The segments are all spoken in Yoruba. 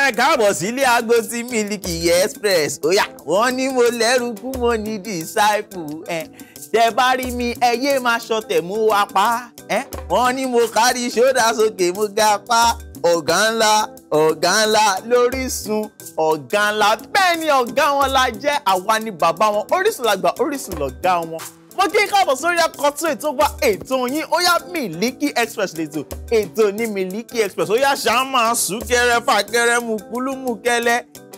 ẹ káàbọ̀ sílé aago sí Miliki Express oya wọ́n ní mo lẹ́rù kú mo ní disciple ẹ tẹ bá rí mi ẹ yé máa ṣọ̀tẹ̀ mú wa pa ẹ wọ́n ní mo kárí ṣódà sókè mo ga pa ọ̀gá ńlá ọ̀gá ńlá lórísun ọ̀gá ńlá bẹ́ẹ̀ ni ọ̀gá wọn la jẹ́ àwa ni bàbá wọn Orísun làgbà Orísun lọ̀gá wọn mo kí káàbọ̀ sórí akọ́tún ètò gba ètò yín ó yá Miliki Express lètò ètò ní Miliki Express ó yá ṣàmà súnkẹrẹ fàkẹrẹ mùkúlùmùkẹlẹ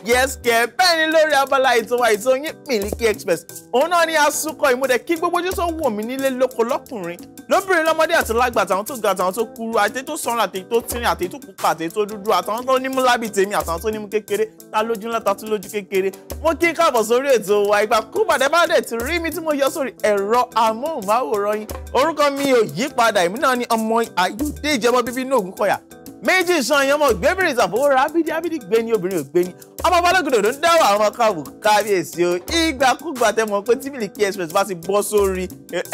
yẹ́sìkẹ́ bẹ́ẹ̀ ni lórí abala ètò wa ètò yín Miliki Express òun náà ni asukọ̀ ìmúdẹ kí gbogbo ojú tó wò mí nílé lóko lọ́kùnrin lóbìnrin lọ́mọdé àti lágbà àtàwọn tó ga àtàwọn tó kúrú àti tó sanra àti tó tínrín àti tó pupa àti tó dúdú àtàwọn tó nímú lábì tèmi àtàwọn tó nímú kékeré ta lójú ńlá ta tún lójú kékeré mo kí káàbọ̀ sórí ètò wa ìgbà kúbàdé bá dẹ̀ ti rí mi tí mo yọ sórí ẹ̀rọ amóhùnmáwòrán yín orúkọ mi ò yípadà èmi náà ni ọmọ Ayọ̀dèjì ọmọ bíbí inú Ògùnkọ̀yà méjì sàn èèyàn mọ̀ gbébìrì ìsàfowóra abidi abidi gbé ní obìnrin ò gbé ní ọmọ balógun òdò ń dáwọ̀ àwọn káàbù kábíyèsí o ìgbàkúgbà tẹ mọ̀ pé tí Miliki Express bá ti bọ́ sórí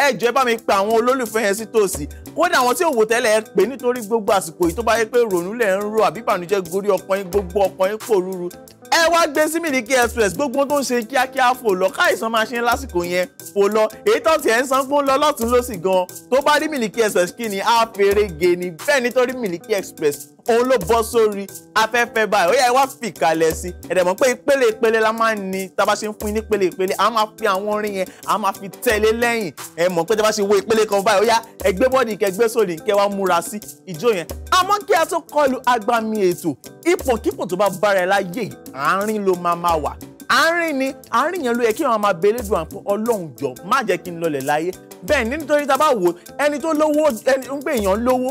ẹ̀jọ̀ ẹ bá mi pe àwọn olólùfẹ́ yẹn sí tòsí kódà àwọn tí ò wò tẹ́lẹ̀ ẹ pè nítorí gbogbo àsìkò yìí tó bá yẹ pé rònú lẹ̀ ń rò àbí ìbànújẹ́ gorí ọkàn yín gbogbo ọkàn yín pòrúurú ẹ wá gbé sí Miliki Express gbogbo tó ń ṣe kíákíá fò lọ káìsàn máa ṣe lásìkò yẹn fò lọ èyí tó tiẹ̀ ń san fún lọ lọ́tún lọ́sì gan tó bá rí Miliki Express kí ni á fèrè gé ni bẹ́ẹ̀ nítorí Miliki Express òun ló bọ́ sórí afẹ́fẹ́ báyìí ó yá ẹ wá fi kalẹ̀ sí ẹ̀dẹ̀ mọ̀ pé ìpele ìpele la máa ń ní tá a bá ṣe ń fún yín ní ìpele ìpele a máa fi àwọn orin yẹn a máa fi tẹ̀lé lẹ́yìn ẹ mọ̀ pé tá a bá ṣe wo ìpele kan báyìí ó yá ẹ gbé bọ́ọ̀dì kẹ gbé sórí kẹ wá múra sí ìjó yẹn àmọ́ kí a tó kọlu agbami ètò ipòkípò tó bá bára ẹ láyé àárín ló máa máa wà àárín ni àárín yẹn ló yẹ kí wọn máa belé dùn àpò ọlọ́run jọ má jẹ́ kí n lọlẹ̀ láyé bẹ́ẹ̀ nítorí tá a bá wò ẹni tó lówó ẹni ń pè èèyàn lówó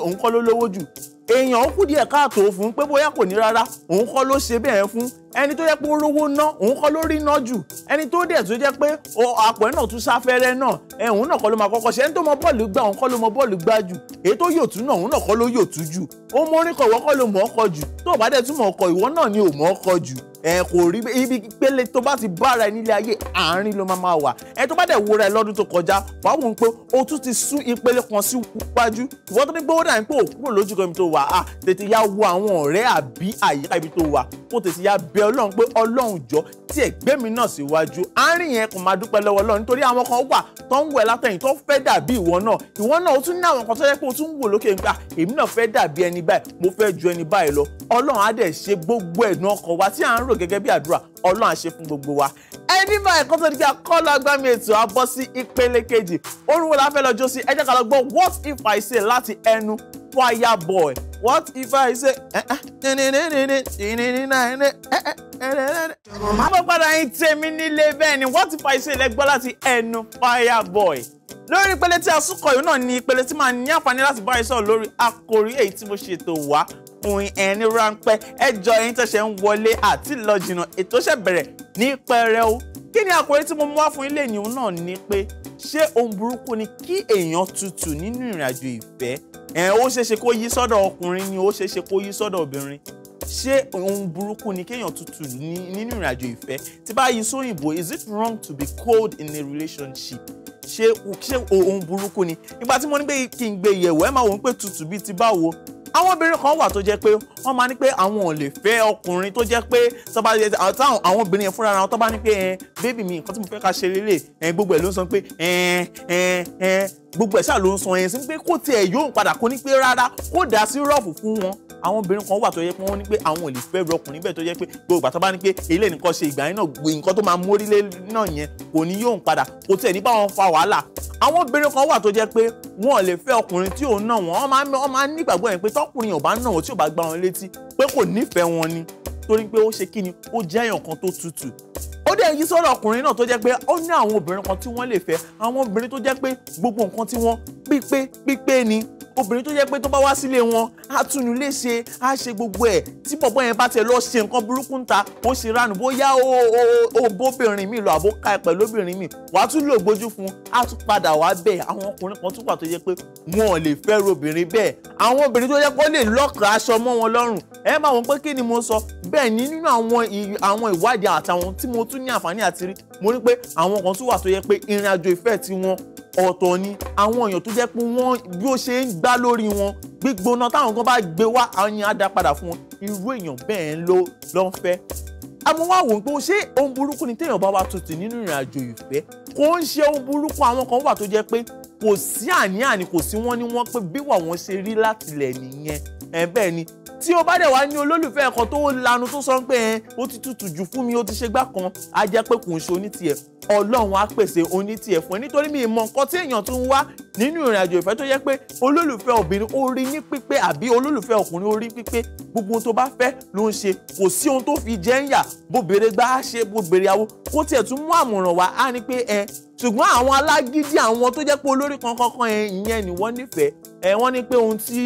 òun kọ́ ló lówó jù èèyàn ó kú díẹ̀ káàtó fún pé bóyá kò ní rárá òun kọ́ ló ṣe bẹ́ẹ̀ fún ẹni tó jẹ́ pé ó rówó ná òun kọ́ ló rí ná jù ẹni tó dẹ̀ tó jẹ́ pé àpò ẹ̀ náà tún sáfẹ́rẹ́ náà ẹ̀hún náà kọ́ ló máa kọ́kọ́ ṣe ẹni tó mọ bọ́ọ̀lù gbá òun kọ́ ló mọ bọ́ọ̀lù gbá jù èyí tó yòtú náà òun náà kọ́ ló yòtú jù ó mórí kọ̀ wọ́kọ́ ló mọ̀ ọkọ̀ jù tó bá dẹ̀ tún mọ̀ ni ò mọ̀ ọkọ̀ jù ẹ kò rí ibi pélé tó bá ti bára ẹ nílé ayé àárín ló máa máa wà ẹ tó bá dẹ̀ wúra ẹ lọ́dún tó kọjá wàá wò ó pé o tún ti sún ìpele kan síwájú ìwọ́n tó ní pé ó dà ní pé òkúrò lójú kan tó wà wà á tètè yá wo àwọn ọ̀rẹ́ àbí àyíká ibi tó wà kó tètè yá bẹ ọlọ́run pé ọlọ́run jọ tí ẹ̀gbẹ́ mi náà síwájú àárín yẹn kò máa dúpẹ́ lọ́wọ́ ọlọ́run nítorí àwọn kan wà tó ń wẹ̀ látẹ̀yìn tó fẹ́ dàbí ìwọ náà ìwọ náà ó tún ní àwọn kan tó yẹ pé ó tún wò lókè nípa èmi náà fẹ́ dàbí ẹni báyìí mo fẹ́ ju ẹni báyìí lọ ọlọ́run á dẹ̀ ṣe gbogbo ẹ̀dùn ọkọ̀ wa tí à ń rò gẹ́gẹ́ bí àdúrà ọlọ́run á ṣe fún gbogbo wa ẹni báyìí kó tó di kí a kọ́ lọ gbá mi ètò abọ́ sí ìpele kejì orúkọ la fẹ́ lọ jó sí ẹ jẹ́ ká lọ gbọ́ what if i say láti ẹnu Fireboy what if i say mo padà yín tèmi nílé bẹ́ẹ̀ ni what if i say lẹ́gbọ́ láti ẹnu Fireboy lórí ìpele tí a súnkọ yìí náà ni ìpele tí màá ní àǹfààní láti bá ẹ sọ̀rọ̀ lórí àkòrí èyí tí mo ṣètò wá orin ẹni ráńpẹ́ ẹjọ́ ẹyin tó ṣe ń wọlé àti lọ jìnnà ètò ṣẹ̀ bẹ̀rẹ̀ ní pẹrẹu kí ni àkòrí tí mo mú wá fún ilé ìyún náà ni pé ṣé ohun burúkú ni kí èèyàn tutù nínú ìrìnàjò ìfẹ́ ẹ̀ ó ṣeéṣe kó yí sọ́dọ̀ ọkùnrin ni ó ṣeéṣe kó yí sọ́dọ̀ obìnrin ṣé ohun burúkú ni kéèyàn tutù nínú ìrìnàjò ìfẹ́ tí bá yí sóyìnbó is it wrong to be cold in a relationship ṣé ohun burúkú ni nígbà tí mo ní pé kí n gbé yẹ̀wò ẹ máa wò ó pé tutù bíi ti báwo àwọn obìnrin kan wà tó jẹ́ pé wọ́n máa ní pé àwọn ò lè fẹ́ ọkùnrin tó jẹ́ pé sọba jẹ àwọn àwọn obìnrin yẹn fúnra wọn tó bá ní pé ẹn bébì mi nǹkan tí mo fẹ́ ká ṣe lélẹ̀ ẹn gbogbo ẹ̀ ló ń sọ pé ẹn ẹn ẹn gbogbo ẹ̀ ṣáà ló ń sọ ẹn sí pé kó tiẹ̀ yóò padà kó ní pé rárá kó dá sí rọ́ọ̀fù fún wọn àwọn obìnrin kan wà tó yẹ pé wọ́n ní pé àwọn ò lè fẹ́ rọ ọkùnrin bẹ́ẹ̀ tó yẹ pé gbogbo àtọ́ bá ní pé ilé nìkan ṣe ìgbà yẹn náà gbé nǹkan tó máa mórílé náà yẹn kò ní yóò ń padà kò tiẹ̀ ní bá wọn fa wàhálà àwọn obìnrin kan wà tó jẹ́ pé wọn ò lè fẹ́ ọkùnrin tí òun náà wọn wọ́n máa ń nígbàgbọ́ yẹn pé tọkùnrin ò bá náà wọn tí ò bá gbá wọn létí pé kò nífẹ̀ẹ́ wọn ni torí pé ó ṣe kí ni ó jẹ́ èèyàn kan tó tutù ó dẹ̀ yí sọ́dọ̀ ọkùnrin náà tó jẹ́ pé ó ní àwọn obìnrin kan tí wọ́n lè fẹ́ àwọn obìnrin tó jẹ́ pé gbogbo nǹkan tí wọ́n pípé pípé ni obìnrin tó yẹ pé tó bá wá sílé wọn á túnú lè ṣe á ṣe gbogbo ẹ̀ tí bọ̀bọ̀ yẹn bá tẹ̀ lọ ṣe nǹkan burúkú ń ta ó ṣe ránù bóyá ó ó bóbìnrin mi lọ àbó ká ẹ pẹ̀lú obìnrin mi wàá tún lò gbójú fún á tún padà wá bẹ́ẹ̀ àwọn ọkùnrin kan tún wà tó yẹ pé wọn ò lè fẹ́ràn obìnrin bẹ́ẹ̀ àwọn obìnrin tó yẹ pé ó lè lọ́ọ̀kà aṣọ mọ́ wọn lọ́rùn ẹ máa wọ́n pé kí ni mo sọ bẹ́ẹ̀ ni nínú àwọn ìwádìí àtàwọn tí mo tún ní àǹfààní àti rí mo rí pé àwọn kan tún wà tó yẹ pé ìrìn àjò ìfẹ́ tí wọn ọ̀tọ̀ ni àwọn èèyàn tó jẹ́ pé wọ́n bí ó ṣe ń gbá lórí wọn gbígbóná táwọn kan bá gbé wá àwọn yẹn á dá padà fún wọn irú èèyàn bẹ́ẹ̀ ń lọ ló ń fẹ́ àmọ́ wá wò ó pé ṣé ohun burúkú ni téèyàn bá wa tutù nínú ìrìn àjò ìfẹ́ kò ń ṣe ohun burúkú àwọn kan wà tó jẹ́ pé kò sí àní àní kò sí wọ́n ní wọ́n pé bí wà wọ́n ṣe rí látìlẹ̀ nìyẹn ẹ̀ bẹ́ẹ̀ ni tí o bá dẹ̀ wá ní olólùfẹ́ ẹ̀kọ́ tó lanu tó sọ pé ẹ ó ti tutù jù fún mi ó ti ṣe gbá kan á jẹ́ pé kò ń ṣe onítìẹ̀ ọlọ́run á pèsè onítìẹ̀ fún ẹ nítorí mi ìmọ̀ nǹkan tí èèyàn tún ń wá nínú ìrìn àjò ìfẹ́ tó yẹ pé olólùfẹ́ obìnrin ó rí ní pípé àbí olólùfẹ́ ọkùnrin ó rí pípé gbogbo ohun tó bá fẹ́ ló ń ṣe kò sí ohun tó fi jẹ́ ń yà bó bèrè gbá á ṣe bó bèrè àwo kó tiẹ̀ tún mú àmọ̀ràn wá á ní pé ẹ ṣùgbọ́n àwọn alágídí àwọn tó jẹ́ pé olórí kankankan ìyẹn ni wọ́n nífẹ̀ẹ́ ẹ wọ́n ní pé ohun tí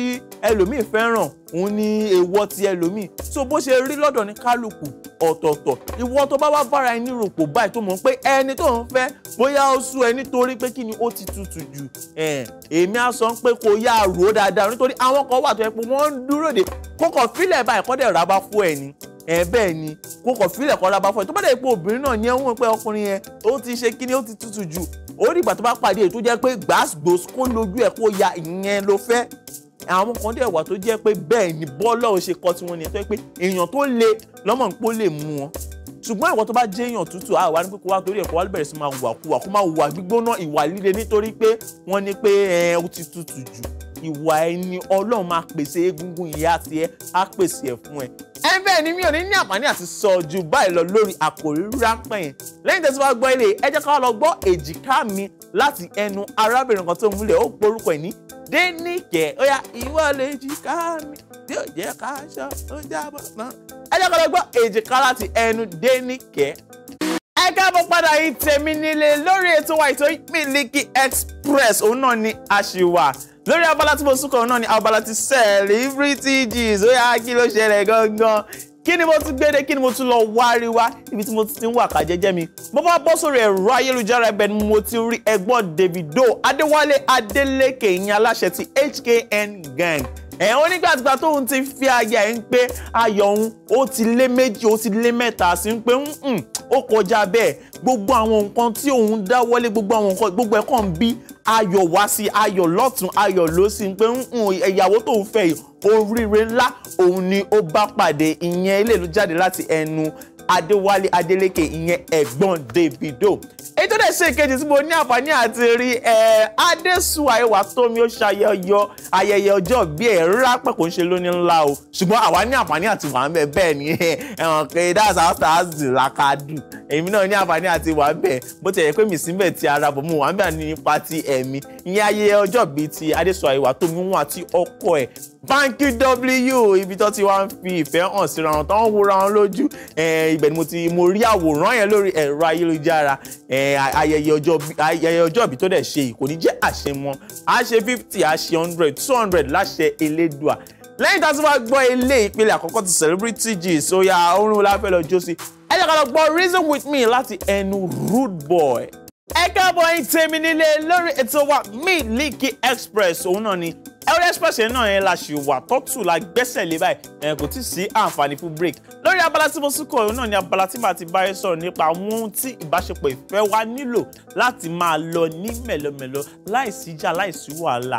ẹlòmíì fẹ́ràn òun ni èèwọ̀ ti ẹlòmíì so bó ṣe rí lọ́dọ̀ ní kálukú ọ̀tọ̀ọ̀tọ̀ ìwọ tó bá wá bára ẹni rò pò báyìí tó mọ̀ pé ẹni tó ń fẹ́ bóyá ó sú ẹ nítorí pé kí ni ó ti tutù jù èmi á sọ pé kò yá rò ó dáadáa nítorí àwọn kan wà tó yẹ pé wọ́n ń dúró de kókò fílẹ̀ báyìí kọ́ dẹ̀ rábá fún ẹni ẹ bẹ́ẹ̀ ni kó kọ̀ fílẹ̀ kọ́ lábá fún ẹ tó bá dẹ̀ pé obìnrin náà ní ẹ̀wọ̀n pé ọkùnrin yẹn ó ti ṣe kíní ó ti tutù jù ó rí ìgbà tó bá pàdé èyí tó jẹ́ pé gbàsgbòs kó lójú ẹ̀ kó ya ìyẹn ló fẹ́ àwọn kan dẹ̀ wà tó jẹ́ pé bẹ́ẹ̀ ni bọ́ọ̀lọ́ ò ṣe kọ́ tí wọ́n ní ẹ̀ pé èèyàn tó le lọ́mọ̀ ń pó lè mú wọn ṣùgbọ́n ìwọ tó bá jẹ́ èèyàn tútù àwa ní pé kó wá torí ẹ̀kọ́ wá bẹ̀rẹ̀ sí máa hùwà kúwà kó máa hùwà gbígbóná ìwà líle nítorí pé wọ́n ní pé ẹ̀ ó ti tutù jù ìwà ẹni ọlọ́run máa pèsè egungun ìyá tiẹ̀ á pèsè ẹ̀ fún ẹ. ẹ bẹ́ẹ̀ ni mi ò ní ní àǹfààní àti sọ jù báyìí lọ lórí àkòrí ráńpẹ́ yẹn lẹ́yìn tẹ́sí wàá gbọ́ ilé ẹ jẹ́ ká lọ gbọ́ èjìká mi láti ẹnu arábìnrin kan tó ń múlẹ̀ ó gborúkọ ẹ̀ ní dénìkẹ́ ó yá ìwọ lè jìká mi tí ò jẹ́ ká aṣọ tó jábọ̀ náà ẹ jẹ́ ká lọ gbọ́ èjìká láti ẹnu dénìkẹ́ ẹ káàbọ̀ padà yìí tèmi nílé lórí ètò wa ètò Miliki Express òun náà ni a ṣì wà lórí abala tí mo sún kan náà ni abala ti celebrity gist ó yá kí ló ṣẹlẹ̀ gangan kí ni mo tún gbéde kí ni mo tún lọ wáríwá ibi tí mo ti ń wà kájẹ́jẹ́ mi mo bá bọ́ sórí ẹ̀rọ ayélujára ibẹ̀ ni mo ti rí ẹ̀gbọ́n Davido Adéwálé Adélékè ìyẹn aláṣẹ ti HKN Gang ẹ̀ ó nígbàtígbà tóun ti fi aya ẹ̀ ń pé ayọ̀ òun ó ti lé méjì ó ti lé mẹ́ta sí ń pé ó kọjá bẹ́ẹ̀ gbogbo àwọn nǹkan tí òun dáwọ́lé gbogbo àwọn nǹkan gbogbo ẹ̀kọ́ ń bí ayọ̀ wá sí ayọ̀ lọ́tún ayọ̀ lósì ń pé ìyàwó tóun fẹ́ yìí oríire ńlá òun ni ó bá pàdé ìyẹn ilé ìlú jáde láti ẹnu adéwálé adélékè ìyẹn ẹ̀gbọ́n davido ètò dẹ̀ ṣe kejì tí mo ní àǹfààní àti rí ẹ adésù àyẹ̀wò àtọ́mi ó ṣayẹyọ ayẹyẹ ọjọ́ bí ẹ̀ rápẹ̀ kò ń ṣe lóní ńlá o ṣùgbọ́n àwa ní àǹfààní àti wà ń bẹ̀ bẹ́ẹ̀ ni ẹ̀hàn pé that's after us the lakadu èmi náà ní àǹfààní àti wà ń bẹ̀ bó ti yẹ pé mi síbẹ̀ ti ara bò mo wà ń bẹ̀ nípa ti ẹ̀mí ìyẹn ayẹyẹ ọjọ́ bíi ti adésù àyẹ̀wò àtọ́mi wọn àti ọkọ ẹ̀ Banky W ibi tó ti wá ń fi ìfẹ́ hàn síra wọn tó ń wúra wọn lójú ibẹ̀ ni mo ti mo rí àwòrán yẹn lórí ẹ̀rọ ayélujára ayẹyẹ ọjọ́ ìbí tó dẹ̀ ṣe yìí kò ní jẹ́ àṣemọ́ a fifty a hundred two hundred láṣẹ elédùà lẹ́yìn tá a ti wá gbọ́ ilé ìpele àkọ́kọ́ ti celebrity gist ó yá oorun láfẹ́ lọ jó sí ẹ jẹ́ ká lọ gbọ́ reason with me láti ẹnu rude boy ẹ káàbọ̀ yín tèmi nílé lórí ètò wa Miliki Express òun náà ni Express pẹ̀sẹ̀ náà yẹn la ṣì wà tọ́tù la gbẹ́sẹ̀ lé báyìí ẹ̀yìn kò tí ì sí àǹfààní fún break lórí abala tí mo sún kọ̀ ọ̀hún náà ni abala tí màá ti bá yẹn sọ̀rọ̀ nípa àwọn ohun tí ìbáṣepọ̀ ìfẹ́ wa nílò láti máa lọ ní mẹ̀lọmẹ̀lọ láìsí ìjà láìsí wàhálà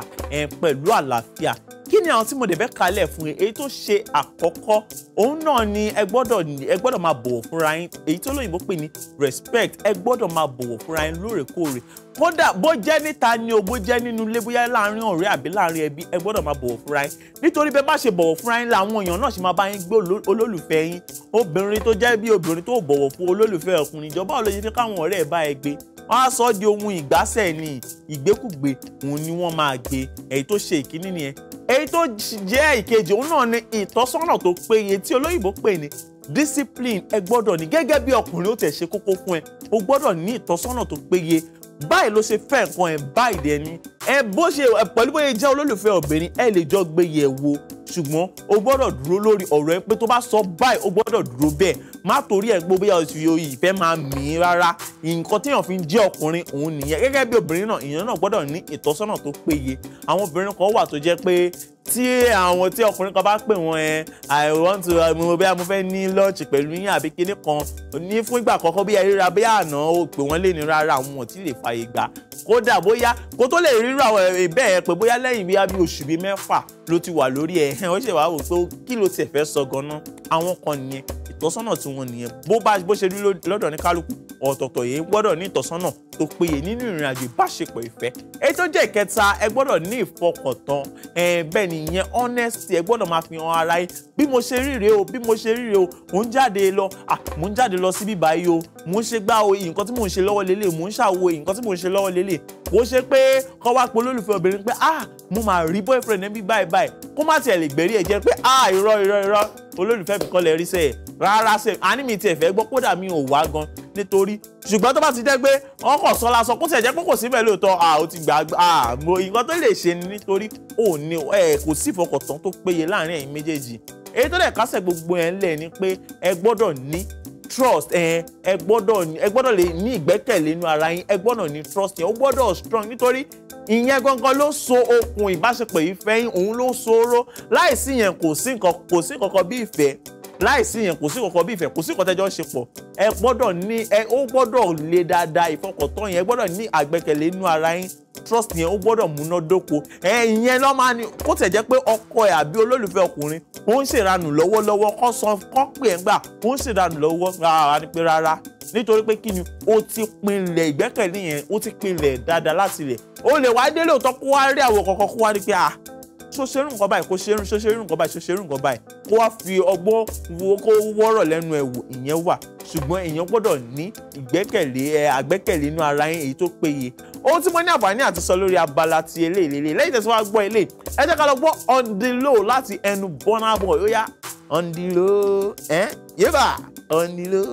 pẹ̀lú àlàáfíà kí ni àwọn tí mo dẹ̀ fẹ́ kalẹ̀ fún yín èyí tó ṣe àkọ́kọ́ òun náà ni ẹ gbọ́dọ̀ ẹ gbọ́dọ̀ máa bọ̀wọ̀ fúnra yín èyí tó lóyìnbó pè ní respect ẹ gbọ́dọ̀ máa bọ̀wọ̀ fúnra yín lóòrèkóòrè kódà bó jẹ́ níta ni o bó jẹ́ nínú ilé bóyá láàrin ọ̀rẹ́ àbí láàrin ẹbí ẹ gbọ́dọ̀ máa bọ̀wọ̀ fúnra yín nítorí bẹ́ẹ̀ bá ṣe bọ̀wọ̀ fúnra yín làwọn èèyàn náà ṣe máa bá yín gbé olólùfẹ́ yín obìnrin tó jẹ́ bí obìnrin tó bọ̀wọ̀ fún olólùfẹ́ ọkùnrin ìjọba ò lè ṣe káwọn ọ̀rẹ́ ẹ̀ bá ẹ gbé wọ́n á sọ di ohun ìgbásẹ̀ ni ìgbékùgbé òun ni wọ́n máa gbé èyí tó ṣe ìkíní nìyẹn èyí tó jẹ́ ìkejì òun náà ni ìtọ́sọ́nà tó péye tí olóyìnbó pè ní discipline ẹ gbọ́dọ̀ ní gẹ́gẹ́ bí ọkùnrin ó tẹ̀ ṣe kókó fún ẹ o gbọ́dọ̀ ní ìtọ́sọ́nà tó péye báyìí ló ṣe fẹ́ nǹkan ẹ̀ báyìí dẹ̀ ẹ bó ṣe pẹ̀lú bóyá jẹ́ olólùfẹ́ obìnrin ẹ lè jọ gbé yẹ̀ wò ṣùgbọ́n o gbọ́dọ̀ dúró lórí ọ̀rọ̀ ẹ pé tó bá sọ báyìí o gbọ́dọ̀ dúró bẹ́ẹ̀ má torí ẹ̀ gbó bóyá oṣù yòóyì ìfẹ́ máa mì í rárá nǹkan téèyàn fi jẹ́ ọkùnrin òun nìyẹn gẹ́gẹ́ bí obìnrin náà ìyẹn náà gbọ́dọ̀ ní ìtọ́sọ́nà tó péye àwọn obìnrin kan wà tó jẹ́ pé tí àwọn tí ọkùnrin kan bá pè wọ́n ẹ i want to mo bẹ́ẹ̀ mo fẹ́ ní lọ́ọ̀chì pẹ̀lú yín àbí kinní kan ní fún ìgbà àkọ́kọ́ bí ẹ ríra bí àná pè wọ́n lé ní rárá àwọn ò lè fààyè gbà kódà bóyá kó tó lè rí irú àwọn èrè bẹ́ẹ̀ pé bóyá lẹ́yìn bíi oṣù bíi mẹ́fà ló ti wà lórí ẹ̀ ó ṣe wá wò pé kí ló tiẹ̀ fẹ́ sọ gan-an àwọn kan nìyẹn ìtọ́sọ́nà tí wọ́n nìyẹn bó bá bó ṣe rí lọ́dọ̀ ní kálukú ọ̀tọ̀ọ̀tọ̀ yìí gbọ́dọ̀ ní ìtọ́sọ́nà tó péye nínú ìrìn àjò ìbáṣepọ̀ ìfẹ́ èyí tó jẹ́ ìkẹta ẹ gbọ́dọ̀ ní ìfọkàntán bẹ́ẹ̀ ni ìyẹn honesty ẹ gbọ́dọ̀ máa fi hàn ara yín bí mo ṣe rí rèé o bí mo ṣe rí rèé o mò ń jáde lọ mò ń jáde lọ síbí báyìí o mò ń ṣe gbá o nǹkan tí mò ń ṣe lọ́wọ́ lélẹ̀ mò ń ṣàwo nǹkan tí mò ń ṣe lọ́wọ́ lélẹ̀ kò ṣe pé kọ́ wá polólùfẹ́ obìnrin pé ah mo máa rí boyfriend ẹ̀ bí báyìí kó má tiẹ̀ lè gbèrí ẹ̀ jẹ́ pé ah irọ́ irọ́ irọ́ olólùfẹ́ mi kọ́ lè rí sẹ́yẹ̀ rárá sẹ́yẹ̀ àní mi tiẹ̀ fẹ́ gbọ́ kódà mi ò wá gan nítorí ṣùgbọ́n tó bá ti jẹ́ pé wọ́n kàn sọ lásán kó tiẹ̀ jẹ́ pé kò síbẹ̀ lóòótọ́ ah ó ti gbà ah mo nǹkan tó lè ṣe ni nítorí ò ní ẹ kò sí ìfọkàntán tó péye láàrin ẹ̀yin méjèèjì èyí tó dẹ̀ kásẹ̀ gbogbo ẹ̀ ń lẹ̀ ni pé ẹ gbọ́dọ̀ ní trust ẹ ẹ gbọ́dọ̀ ẹ gbọ́dọ̀ lè ní ìgbẹ́kẹ̀lé inú ara yín ẹ gbọ́dọ̀ ní trust yẹn ó gbọ́dọ̀ strong nítorí ìyẹn gangan ló so okùn ìbáṣepọ̀ ìfẹ́ yín òun ló so oró láìsí yẹn kò sí nǹkan kò sí nǹkan kan bí ìfẹ́ láìsí yẹn kò sí kankan bí ìfẹ́ kò sí kankan tẹ́jọ́ ṣe pọ̀ ẹ gbọ́dọ̀ ní ẹ ó gbọ́dọ̀ le dáadáa ìfọkàntán yẹn ẹ gbọ́dọ̀ ní àgbẹ̀kẹ̀lé inú ara yín trust yẹn ó gbọ́dọ̀ múnádóko ẹ ìyẹn lọ́ máa ní kó tẹ̀ jẹ́ pé ọkọ ẹ̀ àbí olólùfẹ́ ọkùnrin ó ń ṣèranù lọ́wọ́lọ́wọ́ kọ́ san kọ́ pè ẹ́ gbà ó ń ṣèranù lọ́wọ́ rárá ni pé rárá nítorí pé kí ni ó ti pinlẹ̀ ìgbẹ́kẹ̀lé yẹn ó ti pinlẹ̀ dáadáa láti rẹ̀ ó lè wá délé òótọ́ kó wá rí àwọ̀ kọ̀ọ̀kan kó wá rí pé ah tó ṣerú nǹkan báyìí kó ṣerú tó ṣerú nǹkan báyìí tó ṣerú nǹkan báyìí kó wá fi ọgbọ́n wo kó wọ́rọ̀ lẹ́nu ẹ̀ wò ìyẹn wà ṣùgbọ́n èèyàn gbọ́dọ̀ ní ìgbẹ́kẹ̀lé ẹ àgbẹ́kẹ̀lé inú ara yín èyí tó péye ohun tí mo ní àǹfààní àti sọ lórí abala ti eléyìí lélẹ̀ lẹ́yìn tẹ̀sán wá gbọ́ eléyìí ẹ jẹ́ ká lọ gbọ́ on the low láti ẹnu Burna Boy ó yá on the low ẹ yébà on the low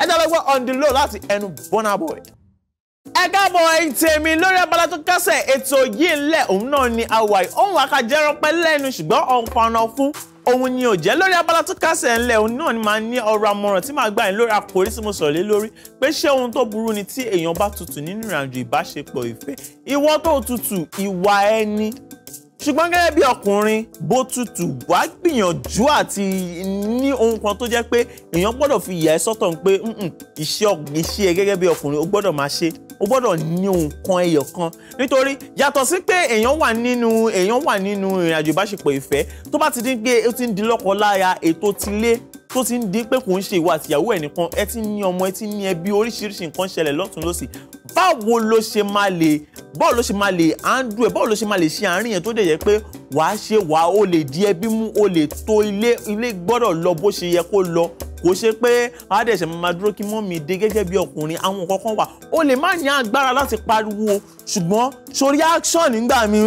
ẹ jẹ́ ká lọ gbọ́ on the low láti ẹnu Burna Boy ẹ káàbọ̀ ẹ̀yin tèmi lórí abala tó kásẹ̀ ètò yìí ńlẹ̀ òun náà ni àwàyí ohun àkàjẹrọpẹ́ lẹ́nu ṣùgbọ́n ọ̀npọ̀nà fún òun ni ò jẹ́ lórí abala tó kásẹ̀ ńlẹ̀ òun náà ni máa ní ọ̀rọ̀ àmọ̀ràn tí màá gbà yín lórí àkòrí tí mo sọ̀rọ̀ lé lórí pé ṣé ohun tó burú ni tí èèyàn bá tutù nínú ìrìnàjò ìbáṣepọ̀ ìfẹ́ ìwọ tó tutù ìwà ẹni ṣùgbọ́n gẹ́gẹ́ bí ọkùnrin bó tutù wá gbìyànjú àti ní ohun kan tó jẹ́ pé èèyàn gbọ́dọ̀ fi ìyà ẹ sọ́tọ̀ pé iṣẹ́ ẹ gẹ́gẹ́ bí ọkùnrin ó gbọ́dọ̀ máa ṣe ó gbọ́dọ̀ ní ohun kan ẹyọ kan nítorí yàtọ̀ sí pé èèyàn wà nínú èèyàn wà nínú ìrìnàjò ìbáṣepọ̀ ìfẹ́ tó bá ti di pé ó ti ń di lọ́kọ láya ètò ti lé tó ti ń di pé kò ń ṣe ìwà àtìyàwó ẹ̀ nìkan ẹ ti ní ọmọ ẹ ti ní ẹbí oríṣiríṣi nǹkan ṣẹlẹ̀ lọ́tún lọ́sì báwo ló ṣe máa lè báwo ló ṣe máa lè handle ẹ̀ báwo ló ṣe máa lè ṣe àárín yẹn tó dẹ̀ yẹ pé wàá ṣe wàá o lè di ẹbí mú o lè tó ilé ilé gbọ́dọ̀ lọ bó ṣe yẹ kó lọ kò ṣe pé àádẹ́sẹ̀ máa dúró kí mọ́mì dé gẹ́gẹ́ bí ọkùnrin àwọn nǹkan kan wà ó lè má ní agbára láti pariwo ṣùgbọ́n sórí action nígbà mi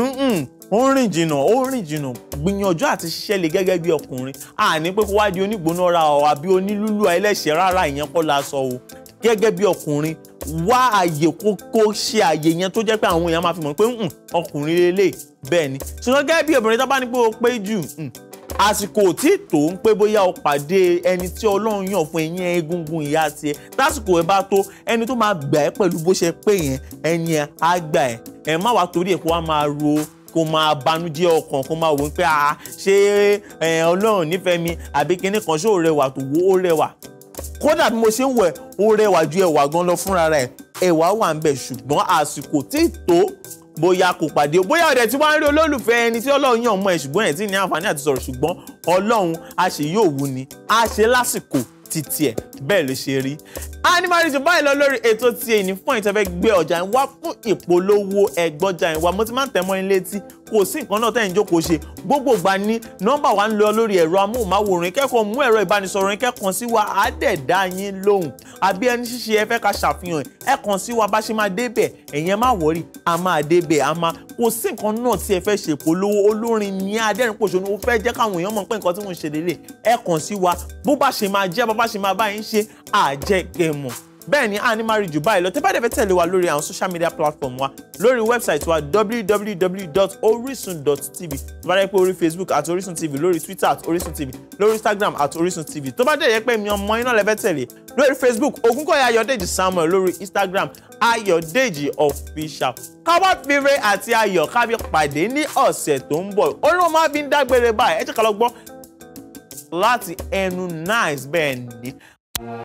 ó ń rìn jìnnà ó ń rìn jìnnà gbìyànjú àti ṣiṣẹ́ lè gẹ́gẹ́ bí ọkùnrin àní pé kó wá di onígbónára ọ àbí onílùlù ẹlẹ́ṣẹ̀ rárá ìyẹn kọ́ la sọ o gẹ́gẹ́ bí ọkùnrin wá àyè kókó ṣe àyè yẹn tó jẹ́ pé àwọn èèyàn máa fi mọ̀ pé hmm, ọkùnrin lélẹ̀ bẹ́ẹ̀ ni ṣùgbọ́n gẹ́gẹ́ bí obìnrin tó bá ní pé ó pé jù hmm, àsìkò tí tó ń pé bóyá o pàdé ẹni tí ọlọ́run yàn fún ẹ̀yìn egungun ìyá tiẹ̀ lásìkò ẹ bá tó ẹni tó máa gbà ẹ́ pẹ̀lú bó ṣe pé yẹn ẹni á gbà ẹ́ ẹ má wàá torí ẹ̀ kó wá máa ro kó máa banújẹ́ ọkàn kó máa wò ó pé ṣé ọlọ́run nífẹ̀ẹ́ mi àbí kinní kan ṣé rẹwà tó wó rẹwà kódà bí mo ṣe ń wẹ̀ ó rẹwà ju ẹwà gan lọ fúnra rẹ̀ ẹwà wà ń bẹ̀ ṣùgbọ́n àsìkò tí ì tó bóyá kò pàdé o bóyá ọ̀dẹ̀ tí wọ́n á rí olólùfẹ́ ẹni tí ọlọ́run yàn mọ́ ẹ ṣùgbọ́n ẹ̀ tí ní àǹfààní àti sọ̀rọ̀ ṣùgbọ́n ọlọ́run a ni a ṣe lásìkò títí ẹ̀ bẹ́ẹ̀ ló ṣe rí animalism báyìí lọ lórí ètò ti èyí fún ìtẹ́fẹ́ gbé ọjà ń wá fún ìpolówó ẹgbọ́jà ìwà mo ti máa ń tẹ̀mọ́ ilé tí kò sí nǹkan náà tẹ̀yìn jókòó ṣe gbogbo ìgbà ní nọ́mbà wa ń lọ lórí ẹ̀rọ amóhùnmáwòrán kẹ́kọ̀ọ́ mú ẹ̀rọ ìbánisọ̀rọ̀ yín kẹ́kàn sí wa á dẹ̀ dá yín lóhùn àbí ẹni ṣíṣe ẹ fẹ́ ká ṣàfihàn ẹ kàn sí wa bá ṣe máa débẹ̀ ẹ̀yẹn má wọ̀rí a máa débẹ̀ a máa kò sí nǹkan náà tí ẹ fẹ́ ṣe polówó olórin ní adẹ́rìn pòṣónú ó fẹ́ jẹ́ káwọn èèyàn mọ̀ pé ẹ mọ̀ bẹ́ẹ̀ ni a ní má rí jù báyìí lọ tẹ́ bá dẹ̀ fẹ́ tẹ̀lé wa lórí àwọn social media platform wa lórí website wa www.orisun.tv tó bá dẹ̀ pé orí facebook at orisun tv lórí twitter at orisun tv lórí instagram at orisun tv tó bá dẹ̀ yẹ pé mi ọmọ iná lẹ́fẹ́ tẹ̀lé lórí facebook ogunkoya ayọ̀dèjì samuel lórí instagram ayọ̀dèjì official káwá fire àti ayọ̀ káfí pàdé ní ọ̀sẹ̀ tó ń bọ̀ ó ní wọn máa fi ń dágbére báyìí ẹ jẹ́ láti ẹnu nice bẹ́ẹ̀